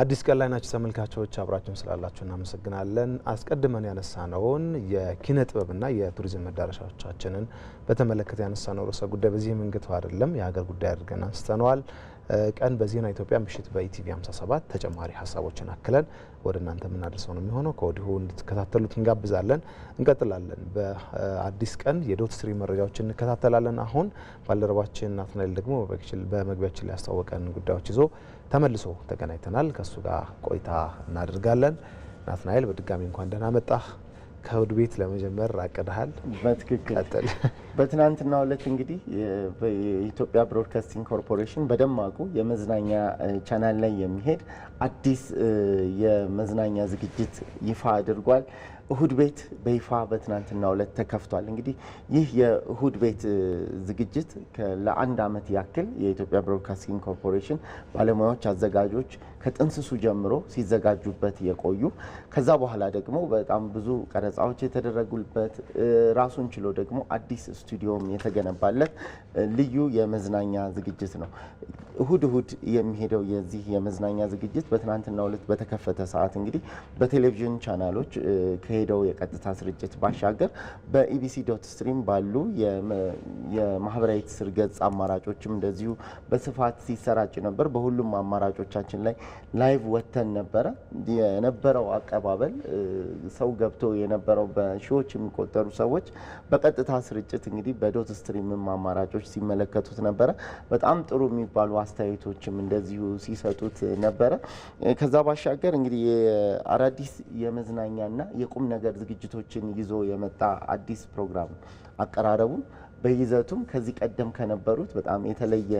አዲስ ቀን ላይ ናችሁ ተመልካቾች፣ አብራችሁን ስላላችሁ እናመሰግናለን። አስቀድመን ያነሳነውን የኪነ ጥበብና የቱሪዝም መዳረሻዎቻችንን በተመለከተ ያነሳነው ርዕሰ ጉዳይ በዚህ መንገድ አይደለም፣ የሀገር ጉዳይ አድርገን አንስተነዋል። ቀን በዜና ኢትዮጵያ ምሽት በኢቲቪ 57 ተጨማሪ ሀሳቦችን አክለን ወደ እናንተ የምናደርሰው ነው የሚሆነው። ከወዲሁ እንድትከታተሉት እንጋብዛለን። እንቀጥላለን። በአዲስ ቀን የዶት ስሪ መረጃዎችን እንከታተላለን። አሁን ባልደረባችን ናትናኤል ደግሞ በመግቢያችን ላይ ያስተዋወቀን ጉዳዮች ይዞ ተመልሶ ተገናኝተናል። ከእሱ ጋር ቆይታ እናደርጋለን። ናትናኤል በድጋሚ እንኳን ደህና መጣህ። ከእሁድ ቤት ለመጀመር አቅድሃል? በትክክል በትናንትና ሁለት እንግዲህ የኢትዮጵያ ብሮድካስቲንግ ኮርፖሬሽን በደማቁ የመዝናኛ ቻናል ላይ የሚሄድ አዲስ የመዝናኛ ዝግጅት ይፋ አድርጓል። እሁድ ቤት በይፋ በትናንትና ዕለት ተከፍቷል። እንግዲህ ይህ የእሁድ ቤት ዝግጅት ለአንድ ዓመት ያክል የኢትዮጵያ ብሮድካስቲንግ ኮርፖሬሽን ባለሙያዎች፣ አዘጋጆች ከጥንስሱ ጀምሮ ሲዘጋጁበት የቆዩ ከዛ በኋላ ደግሞ በጣም ብዙ ቀረጻዎች የተደረጉበት ራሱን ችሎ ደግሞ አዲስ ስቱዲዮም የተገነባለት ልዩ የመዝናኛ ዝግጅት ነው። እሁድ እሁድ የሚሄደው የዚህ የመዝናኛ ዝግጅት በትናንትና ዕለት በተከፈተ ሰዓት እንግዲህ በቴሌቪዥን ቻናሎች ከሄደው የቀጥታ ስርጭት ባሻገር በኢቢሲ ዶት ስትሪም ባሉ የማህበራዊ ትስስር ገጽ አማራጮችም እንደዚሁ በስፋት ሲሰራጭ ነበር። በሁሉም አማራጮቻችን ላይ ላይቭ ወተን ነበረ። የነበረው አቀባበል ሰው ገብቶ የነበረው በሺዎች የሚቆጠሩ ሰዎች በቀጥታ ስርጭት እንግዲህ በዶት ስትሪምም አማራጮች ሲመለከቱት ነበረ። በጣም ጥሩ የሚባሉ አስተያየቶችም እንደዚሁ ሲሰጡት ነበረ። ከዛ ባሻገር እንግዲህ አዳዲስ የመዝናኛና የቁም ነገር ዝግጅቶችን ይዞ የመጣ አዲስ ፕሮግራም አቀራረቡም በይዘቱም ከዚህ ቀደም ከነበሩት በጣም የተለየ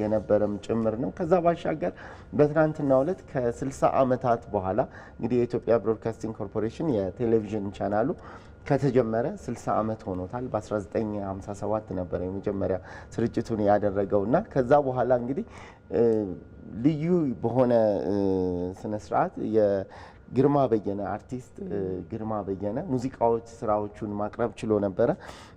የነበረም ጭምር ነው። ከዛ ባሻገር በትናንትናው ዕለት ከ60 ዓመታት በኋላ እንግዲህ የኢትዮጵያ ብሮድካስቲንግ ኮርፖሬሽን የቴሌቪዥን ቻናሉ ከተጀመረ 60 ዓመት ሆኖታል። በ1957 ነበረ የመጀመሪያ ስርጭቱን ያደረገው እና ከዛ በኋላ እንግዲህ ልዩ በሆነ ስነስርዓት ግርማ በየነ አርቲስት ግርማ በየነ ሙዚቃዎች ስራዎቹን ማቅረብ ችሎ ነበረ።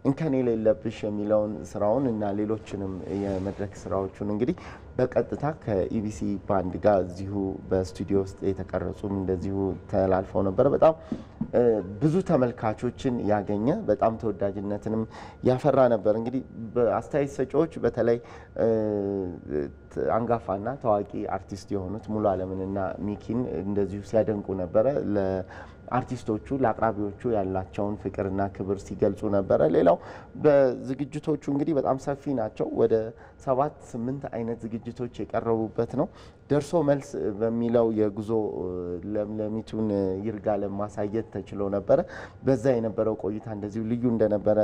እንከን የሌለብሽ የሚለውን ስራውን እና ሌሎችንም የመድረክ ስራዎቹን እንግዲህ በቀጥታ ከኢቢሲ ባንድ ጋር እዚሁ በስቱዲዮ ውስጥ የተቀረጹም እንደዚሁ ተላልፈው ነበረ። በጣም ብዙ ተመልካቾችን ያገኘ በጣም ተወዳጅነትንም ያፈራ ነበር። እንግዲህ አስተያየት ሰጪዎች በተለይ አንጋፋና ታዋቂ አርቲስት የሆኑት ሙሉ አለምንና ሚኪን እንደዚሁ ሲያደንቁ ነበረ። አርቲስቶቹ ለአቅራቢዎቹ ያላቸውን ፍቅርና ክብር ሲገልጹ ነበረ። ሌላው በዝግጅቶቹ እንግዲህ በጣም ሰፊ ናቸው። ወደ ሰባት ስምንት አይነት ዝግጅቶች የቀረቡበት ነው። ደርሶ መልስ በሚለው የጉዞ ለምለሚቱን ይርጋለም ማሳየት ተችሎ ነበረ። በዛ የነበረው ቆይታ እንደዚሁ ልዩ እንደነበረ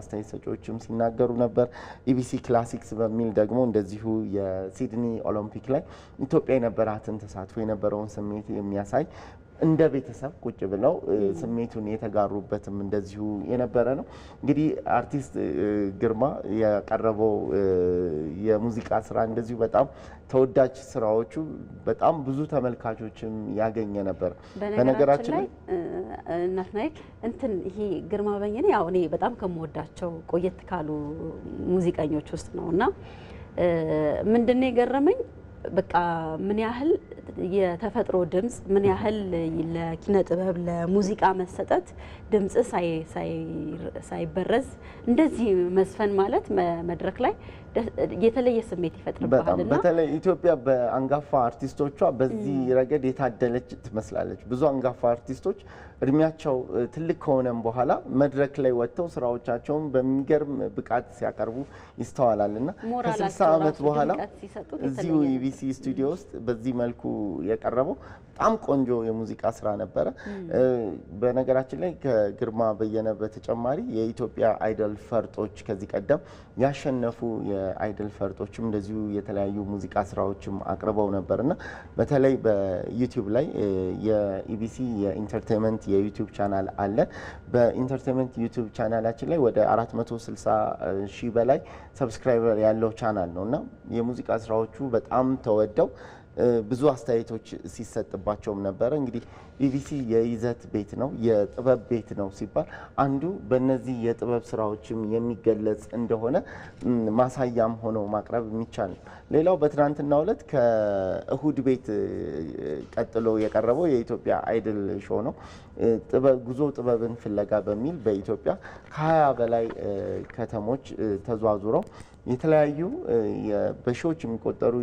አስተያየት ሰጪዎችም ሲናገሩ ነበር። ኢቢሲ ክላሲክስ በሚል ደግሞ እንደዚሁ የሲድኒ ኦሎምፒክ ላይ ኢትዮጵያ የነበራትን ተሳትፎ የነበረውን ስሜት የሚያሳይ እንደ ቤተሰብ ቁጭ ብለው ስሜቱን የተጋሩበትም እንደዚሁ የነበረ ነው። እንግዲህ አርቲስት ግርማ ያቀረበው የሙዚቃ ስራ እንደዚሁ በጣም ተወዳጅ ስራዎቹ በጣም ብዙ ተመልካቾችም ያገኘ ነበር። በነገራችን ላይ ናትናኤል እንትን ይሄ ግርማ በየነ ያው እኔ በጣም ከምወዳቸው ቆየት ካሉ ሙዚቀኞች ውስጥ ነው እና ምንድነው የገረመኝ በቃ ምን ያህል የተፈጥሮ ድምፅ ምን ያህል ለኪነ ጥበብ ለሙዚቃ መሰጠት ድምጽ ሳይበረዝ እንደዚህ መስፈን ማለት መድረክ ላይ የተለየ ስሜት ይፈጥርብሃል። በተለይ ኢትዮጵያ በአንጋፋ አርቲስቶቿ በዚህ ረገድ የታደለች ትመስላለች። ብዙ አንጋፋ አርቲስቶች እድሜያቸው ትልቅ ከሆነም በኋላ መድረክ ላይ ወጥተው ስራዎቻቸውን በሚገርም ብቃት ሲያቀርቡ ይስተዋላል እና ከስልሳ ዓመት በኋላ እዚሁ ኢቢሲ ስቱዲዮ ውስጥ በዚህ መልኩ የቀረበው በጣም ቆንጆ የሙዚቃ ስራ ነበረ። በነገራችን ላይ ከግርማ በየነ በተጨማሪ የኢትዮጵያ አይደል ፈርጦች ከዚህ ቀደም ያሸነፉ አይድል ፈርጦችም እንደዚሁ የተለያዩ ሙዚቃ ስራዎችም አቅርበው ነበር እና በተለይ በዩቲዩብ ላይ የኢቢሲ የኢንተርቴንመንት የዩቲዩብ ቻናል አለ። በኢንተርቴንመንት ዩቲዩብ ቻናላችን ላይ ወደ 460 ሺህ በላይ ሰብስክራይበር ያለው ቻናል ነው እና የሙዚቃ ስራዎቹ በጣም ተወደው ብዙ አስተያየቶች ሲሰጥባቸውም ነበረ። እንግዲህ ቢቢሲ የይዘት ቤት ነው፣ የጥበብ ቤት ነው ሲባል አንዱ በእነዚህ የጥበብ ስራዎችም የሚገለጽ እንደሆነ ማሳያም ሆኖ ማቅረብ የሚቻል ነው። ሌላው በትናንትናው ዕለት ከእሁድ ቤት ቀጥሎ የቀረበው የኢትዮጵያ አይድል ሾው ነው። ጉዞ ጥበብን ፍለጋ በሚል በኢትዮጵያ ከሀያ በላይ ከተሞች ተዟዙረው የተለያዩ በሺዎች የሚቆጠሩ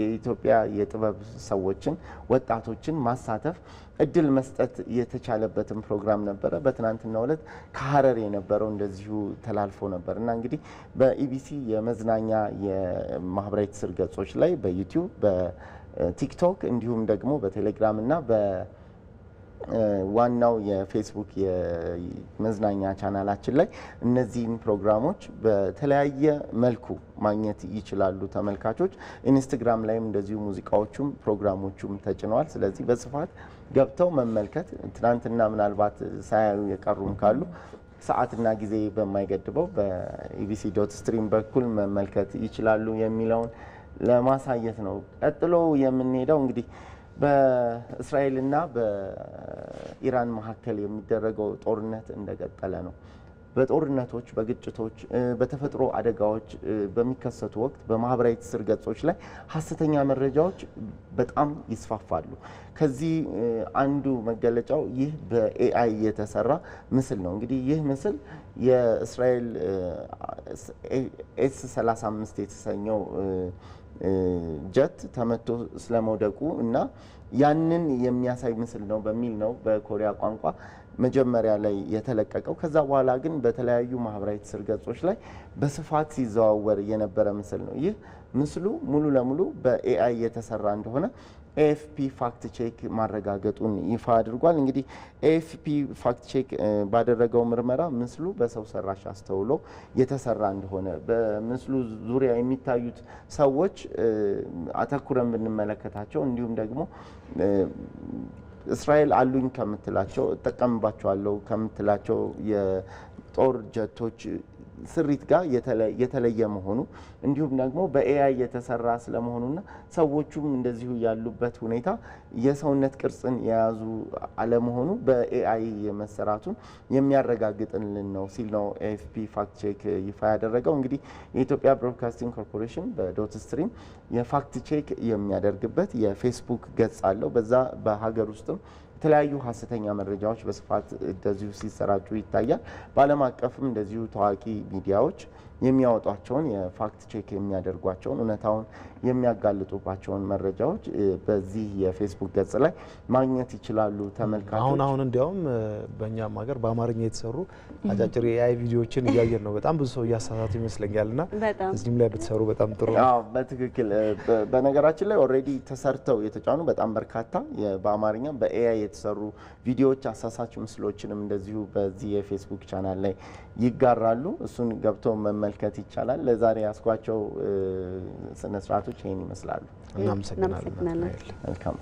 የኢትዮጵያ የጥበብ ሰዎችን ወጣቶችን ማሳተፍ እድል መስጠት የተቻለበትን ፕሮግራም ነበረ። በትናንትናው ዕለት ከሀረር የነበረው እንደዚሁ ተላልፎ ነበር እና እንግዲህ በኢቢሲ የመዝናኛ የማህበራዊ ትስስር ገጾች ላይ በዩቲዩብ በቲክቶክ እንዲሁም ደግሞ በቴሌግራም እና ዋናው የፌስቡክ የመዝናኛ ቻናላችን ላይ እነዚህን ፕሮግራሞች በተለያየ መልኩ ማግኘት ይችላሉ ተመልካቾች። ኢንስትግራም ላይም እንደዚሁ ሙዚቃዎቹም ፕሮግራሞቹም ተጭነዋል። ስለዚህ በስፋት ገብተው መመልከት ትናንትና ምናልባት ሳያዩ የቀሩም ካሉ ሰዓትና ጊዜ በማይገድበው በኢቢሲ ዶት ስትሪም በኩል መመልከት ይችላሉ የሚለውን ለማሳየት ነው። ቀጥሎ የምንሄደው እንግዲህ በእስራኤልና በኢራን መካከል የሚደረገው ጦርነት እንደቀጠለ ነው። በጦርነቶች፣ በግጭቶች፣ በተፈጥሮ አደጋዎች በሚከሰቱ ወቅት በማህበራዊ ትስስር ገጾች ላይ ሀሰተኛ መረጃዎች በጣም ይስፋፋሉ። ከዚህ አንዱ መገለጫው ይህ በኤአይ የተሰራ ምስል ነው። እንግዲህ ይህ ምስል የእስራኤል ኤስ 35 የተሰኘው ጀት ተመቶ ስለመውደቁ እና ያንን የሚያሳይ ምስል ነው በሚል ነው በኮሪያ ቋንቋ መጀመሪያ ላይ የተለቀቀው ከዛ በኋላ ግን በተለያዩ ማህበራዊ ትስስር ገጾች ላይ በስፋት ሲዘዋወር የነበረ ምስል ነው። ይህ ምስሉ ሙሉ ለሙሉ በኤአይ የተሰራ እንደሆነ ኤኤፍፒ ፋክት ቼክ ማረጋገጡን ይፋ አድርጓል። እንግዲህ ኤኤፍፒ ፋክት ቼክ ባደረገው ምርመራ ምስሉ በሰው ሰራሽ አስተውሎ የተሰራ እንደሆነ በምስሉ ዙሪያ የሚታዩት ሰዎች አተኩረን ብንመለከታቸው እንዲሁም ደግሞ እስራኤል አሉኝ ከምትላቸው እጠቀምባቸዋለሁ ከምትላቸው የጦር ጀቶች ስሪት ጋር የተለየ መሆኑ እንዲሁም ደግሞ በኤአይ የተሰራ ስለመሆኑና ሰዎቹም እንደዚሁ ያሉበት ሁኔታ የሰውነት ቅርጽን የያዙ አለመሆኑ በኤአይ መሰራቱን የሚያረጋግጥልን ነው ሲል ነው ኤኤፍፒ ፋክት ቼክ ይፋ ያደረገው። እንግዲህ የኢትዮጵያ ብሮድካስቲንግ ኮርፖሬሽን በዶት ስትሪም የፋክት ቼክ የሚያደርግበት የፌስቡክ ገጽ አለው። በዛ በሀገር ውስጥም የተለያዩ ሀሰተኛ መረጃዎች በስፋት እንደዚሁ ሲሰራጩ ይታያል። በዓለም አቀፍም እንደዚሁ ታዋቂ ሚዲያዎች የሚያወጧቸውን የፋክት ቼክ የሚያደርጓቸውን እውነታውን የሚያጋልጡባቸውን መረጃዎች በዚህ የፌስቡክ ገጽ ላይ ማግኘት ይችላሉ። ተመልካቾች አሁን አሁን እንዲያውም በእኛም ሀገር በአማርኛ የተሰሩ አጫጭር የአይ ቪዲዮዎችን እያየን ነው። በጣም ብዙ ሰው እያሳሳቱ ይመስለኛል ና እዚህም ላይ ብትሰሩ በጣም ጥሩ በትክክል በነገራችን ላይ ኦልሬዲ ተሰርተው የተጫኑ በጣም በርካታ በአማርኛ በኤአይ የተሰሩ ቪዲዮዎች አሳሳች ምስሎችንም እንደዚሁ በዚህ የፌስቡክ ቻናል ላይ ይጋራሉ። እሱን ገብተው መመልከት መመልከት ይቻላል። ለዛሬ ያስኳቸው ስነስርዓቶች ይህን ይመስላሉ። እናመሰግናለን። መልካም